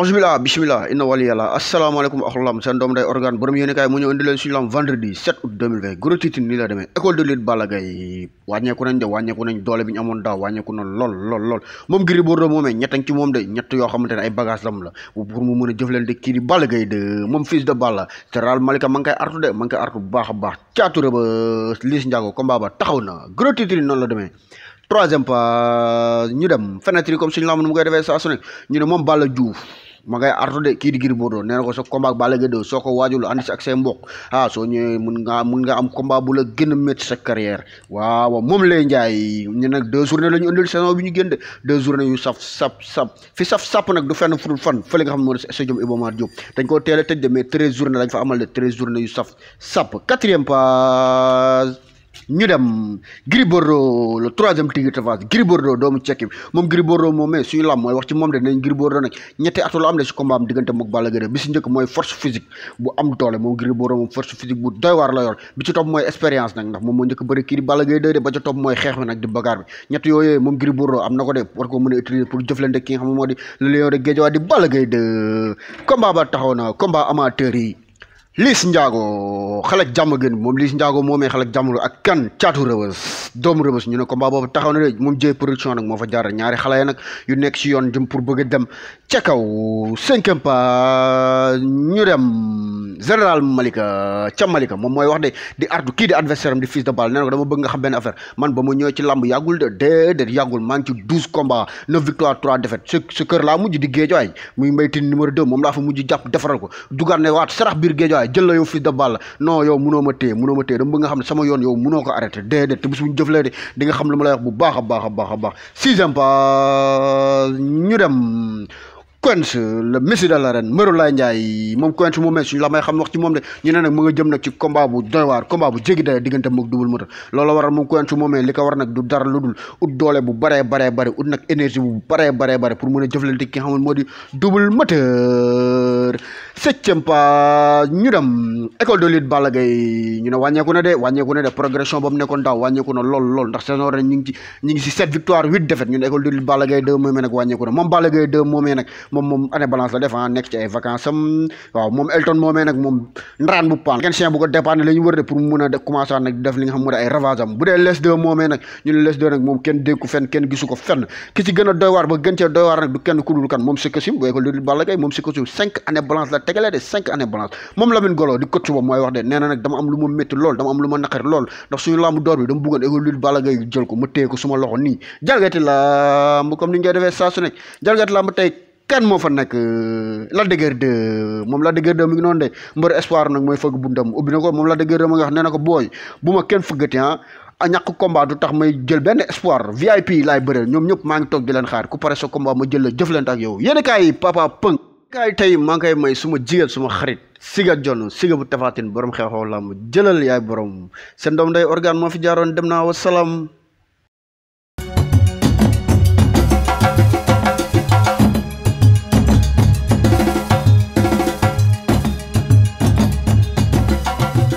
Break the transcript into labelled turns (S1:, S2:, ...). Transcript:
S1: bismillah bismillah inna wali yàlla asalaamaaleykum axlu lam seen doom day organe borom yéene kaay mu ñëw indi leen suñu lam vendredi 7 août 2020 gros titre nii la demee école de lutte Balla Gaye wàññeeku nañ de wàññeeku nañ doole bi ñu amoon daaw wàññeeku na lool lool lool moom mu a jëflante kii di Balla koy artu de ma ngi koy artu bu baax a baax la demee troisième ñu dem fenêtre nu mu koy defee saa su ñu ne moom Balla Diouf ma ngay artu de kii di Gris Bordeaux nee na ko sa combat ak Balla Gaye soo ko waajul ànd si ak say mbokk ah soo ñëwee mun nga am combat bu la gën a métti sa carrière waaw moom lay njaay ñu nag deux journées la ñu bi ñu génn de deux journées yu saf sap sap fi saf sap nag du fenn fudul fan fële nga xam ne moo sa jom Iba Mar Diop dañ koo teel a tëj de mais treize journées lañ fa amal de treize journées yu saf sap quatrième page ñu dem Gris Bordeaux le troisième Tigre de Fass Gris Bordeaux doomu cekki bi moom Gris Bordeaux moom mais suñu lam mooy wax ci moom de nañ Gris nag ñetti atu am de si combat di di bagaar bi ñett yooyu na a utiliser pour jëflante ki nga xam ne moo di le lion de Guédiawaye di na combat amateur yi Liss Ndiago xale ak jàmm gën moom Liss Ndiago moomee xale ak jàmm ak kan caatu rëbës doomu rëbës ñu ne ko combat boobu taxaw na de moom jëy production nag moo fa jaar ñaari xale nag yu nekk ci yoon jëm pour bëgg a dem ca kaw cinquième pas ñu dem. général Malika ca Malika moom mooy wax de di artu kii di adversaire am di fils de balle nee ko dama bëgg nga xam benn affaire man ba ma ñëwee ci làmb yàggul de déedéet yàggul maa ci douze combats neuf victoire trois défaites su su kër laa mujj di géejawaay muy mbaytin numéro deux moom laa fa mujj jàpp defaral ko dugaat ne waat sarax biir géejawaay jël la yow fils de balle non yow munoo ma téye munoo ma téye dama bëgg nga xam ne sama yoon yow munoo ko arrêté déedéet te bis bu ñu jëflee de di nga Quench le messi de l'arène Mbëru Laay Njaay moom Quench moom suñu la may xam wax ci moom de ñu ne nag mu nga jëm nag ci combat bu doy waar combat bu jéggi daye diggante mag Double Moteur loolu waral moom Quench moomee li ko war nag du dara lu dul ut doole bu baree baree bare ut nag énergie bu baree bare pour mën a jëflante ki nga moo di Double Moteur septième pas ñu dem école de lutte Balla Gaye ñu ne wàññeeku na de wàññeeku na de progression ba nekkoon daaw wàññeeku na lool lool ndax saison ren ñu si sept victoire huit défaite ñu ne école de lutte Balla Gaye 2 moomee wàññeeku na moom Balla Gaye 2 ah, nekk moom ndaraan bu paan kenn chien bu ko dépanne wër de pour mun a commencé aan nag def li xam mu de ay ravage bu dee les deux moomee nag ñu ne les deux nag moom kenn dégg ko kenn gisu ko tegalee de cinq années blanche moom Lamine Golo di coach ba mooy wax de nee na nag dama am lu ma métti lool dama am lu ma naqari lool ndax suñu làmb door bi dama bëggoon évoluer Balla ma téye euh, moom Lac de Guiers ngi noonu de mbër espoir nag mooy fëgg buntam ubbi na ko moom Lac de Guiers 2 ma nga wax nee na ko booy bu ma kenn fëggati ah a ñàkk combat tax may jël benn espoir VIP laay bëreel ñoom ñëpp maa ngi toog di leen xaar ku pare sa combat ma jël la jëflante kaay tey maa ngi koy may suma jigéen suma xarit siga jonn siga bu tafaatin borom xew xew làmb jëlal yaay borom seen doom day organe moo fi jaaroon dem naa salaam